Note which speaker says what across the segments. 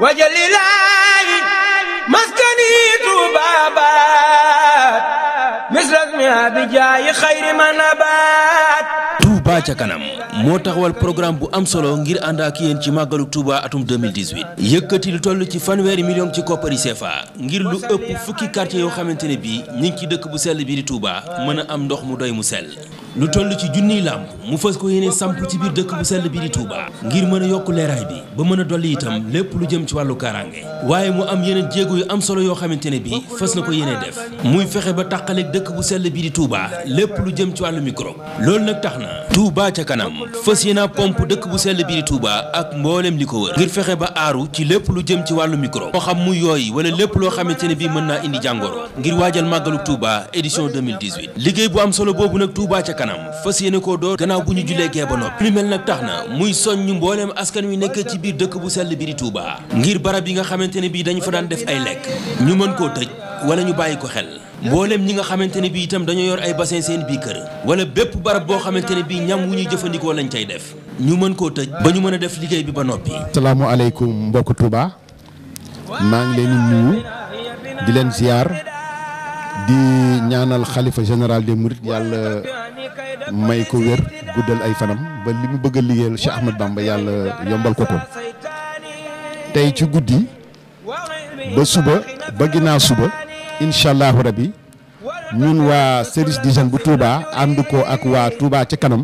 Speaker 1: waa maskani tuubaabaat misrasmi abijaayi xayri manabaat ca kanam moo taxawal programme bu am solo ngir ànd ak yéen ci màggalu tuubaa atum 2018 yëkkati lu toll ci fanweeri million ci koppari CFA ngir lu ëpp fukki quartier yoo xamante ne bii ñu ngi ci dëkk bu sell bi di Touba mën a am ndox mu doy mu sell lu toll ci junniy làmp mu fës ko yéene samp ci biir dëkk bu sell bi di Touba. ngir mën a yokk leeraay bi ba mën a dolli itam lépp lu jëm ci wàllu kaaraange waaye mu am yeneen jéego yu am solo yoo xamante ne bi fës na ko yéene def muy fexe ba tàqaleeg dëkk bu sell bi di Touba lépp lu jëm ci wàllu microbe loolu nag tax na tuubaa ca kanam fës yéena pomp dëkk bu sell bi di Touba ak mbooleem li ko wër ngir fexe ba aaru ci lépp lu jëm ci wàllu microbe moo xam mu yooyu wala lépp loo xamante ne bi mën naa indi jàngoro ngir waajal màggalu Touba édition 2018 kanam fas yéene koo door gannaaw bu ñu jullee gee ba noppi lu mel nag tax na muy soññ mbooleem askan wi nekk ci biir dëkk bu sell bi di Touba ngir barab yi nga xamante ne bii dañu fa daan def ay lekk ñu mën koo tëj wala ñu bàyyi ko xel mboolem ñi nga xamante ne bii itam dañoo yor ay bassin seen bii kër wala bépp barab boo xamante ne bii ñam wu ñuy jëfandikoo lañ cay def ñu mën koo tëj ba ñu mën a def liggéey bi ba noppi.
Speaker 2: salaamaaleykum mbokk Touba maa ngi leen di nuyu di leen ziar may ko wér guddal ay fanam ba li mu bëgg a liggéeyal Cheikh Ahmed Bamba yàlla yombal ko ko tey ci guddi ba suba ba ginnaaw suba incha allahu rabi ñun waa service seen bu tuubaa ànd ko ak waa Touba ci kanam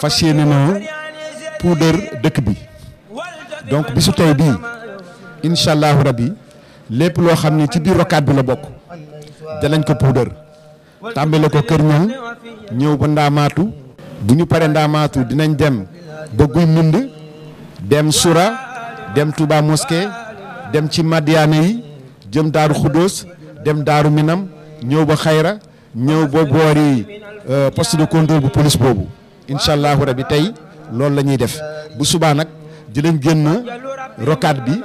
Speaker 2: fas yéene na puudar dëkk bi donc bisu tey bii incha allahu rabi lépp loo xam ne ci biir rocade bi la bokk danañ ko puudar. tàmbale ko Kër Ñang ñëw ba Ndaamaatu bu ñu paree Ndaamaatu dinañ dem ba Guy Mbind dem Sura dem Touba Mosquée dem ci Madiyaana yi jëm Daaru Xuddoos dem Daaru Minam ñëw ba Xayra ñëw ba boori euh, poste de contrôle bu police boobu incha allahu rabi tey loolu la ñuy def bu subaa nag dinañ génn rocade bi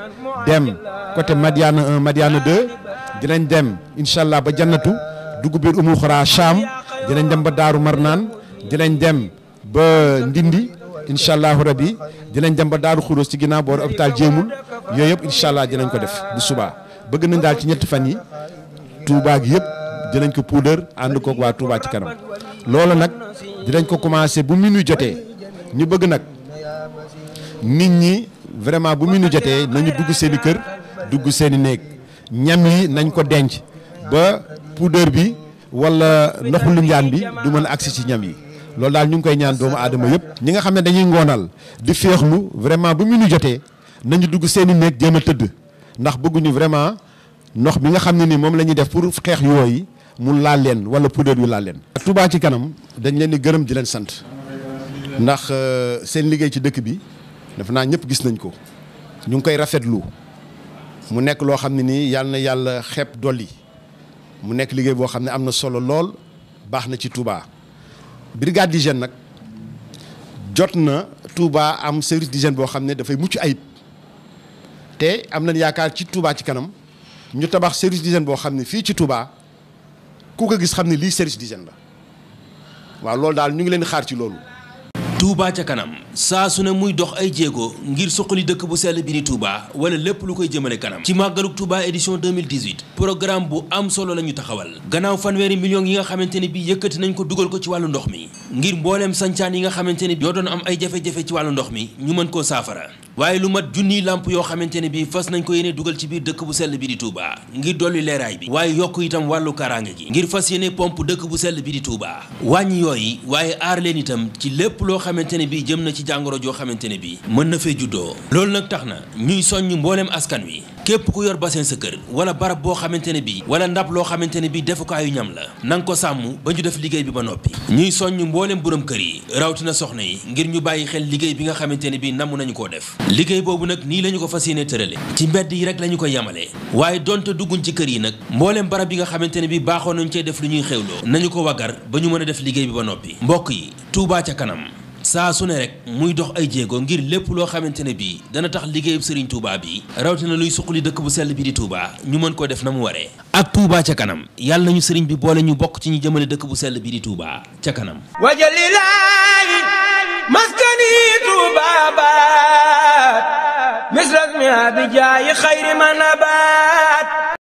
Speaker 2: dem côté Madiana 1 Madiana 2 dinañ dem incha allah ba jannatu dugg biir umu xora Cham dinañ dem ba Daaru Marnaan dinañ dem ba Ndindi incha allahu rabi dinañ dem ba Daaru Xuros ci ginnaaw booru hôpital jéemul yooyu yëpp incha allah dinañ ko def bu subaa bëgg nañ daal ci ñetti fan yi Touba gi yëpp dinañ ko puudar ànd kook waa Touba ci kanam loolu nag dinañ ko commencé bu minuit jotee ñu bëgg nag nit ñi vraiment bu minuit jotee nañu dugg seen i kër dugg seeni néeg ñam yi nañ ko denc. ba puudar bi wala naxulu njaan bi du mën a agsi ci ñam yi loolu daal ñu ngi koy ñaan doomu aadama yëpp ñi nga xam ne dañuy ngoonal di féexlu vraiment bu mu ñu jotee nañu dugg seen i néeg jéem a tëdd ndax bëgguñu vraiment ndox bi nga xam ne ni moom la ñuy def pour xeex yooyu mu laal leen wala puudar yu laal leen Touba ci kanam dañ leen di gërëm ji leen sant ndax euh, seen liggéey ci dëkk bi dafa naa ñëpp gis nañ ko ñu ngi koy rafetlu mu nekk loo xam ne nii yàlla na yàlla xeeb dolli mu nekk liggéey boo xam ne am na solo lool baax na ci Touba brigade d'hygiène nag jot na Touba am service d'hygiène boo xam ne dafay mucc ayib te am nañ yaakaar ci Touba ci kanam ñu tabax service d'hygiène boo xam ne fii ci Touba
Speaker 1: ku ko gis xam ne lii service d'hygiène la waaw loolu daal ñu ngi leen xaar ci loolu. Touba ca kanam. saa su ne muy dox ay jéego ngir suqali dëkk bu sell bi ni Touba wala lépp lu koy jëmale kanam ci màggaluk Touba édition 2018 programme bu am solo la ñu taxawal gannaaw fanweeri millions yi nga xamante ne bi yëkkati na ko dugal ko ci wàllu ndox mi ngir mbooleem sancaan yi nga xamante ne bi yoo doon am ay jafe-jafe ci ndox mi ñu mën koo saafara waaye lu mat junniy làmp yoo xamante ne bi fas nañ ko yéene dugal ci biir dëkk bu sell bi di Touba ngir dolli leeraay bi waaye yokk itam wàllu kaaraange gi ngir fas yéene pompe dëkk bu sell bi di Touba wàññi yooyu waaye aar leen itam ci lépp loo xamante ne bi jëm na ci jàngoro joo xamante ne bii mën na fee juddoo loolu nag tax na ñuy soññ mboolem askan wi képp ku yor bassin sa kër wala barab boo xamante ne bii wala ndab loo xamante ne bii defukaayu ñam la na ko sàmm ba ñu def liggéey bi ba noppi ñuy soññ mbooleem borom kër yi rawatina soxna yi ngir ñu bàyyi xel liggéey bi nga xamante ne bii namm nañu ko def liggéey boobu nag nii la ko fas yéene tërale ci mbedd yi rek la ñu ko yemale waaye donte dugguñ ci kër yi nag mboolem barab yi nga xamante ne bii baaxoo nañu cee def lu ñuy xewloo nañu ko waggar ba ñu mën a def liggéey bi ba noppi mbokk yi Touba ca kanam saa su ne rek muy dox ay jéego ngir lépp loo xamante ne bii dana tax liggéeyub sëriñ Touba bii rawatina luy suqali dëkk bu sell bi di Touba ñu mën ko def na mu waree ak Touba ca kanam yàlla nañu Serigne bi boole ñu bokk ci ñu jëmale dëkk bu sell bi di Touba ca kanam wajalilaayi maskani Touba baat misras mi abijaayi xayri manabaat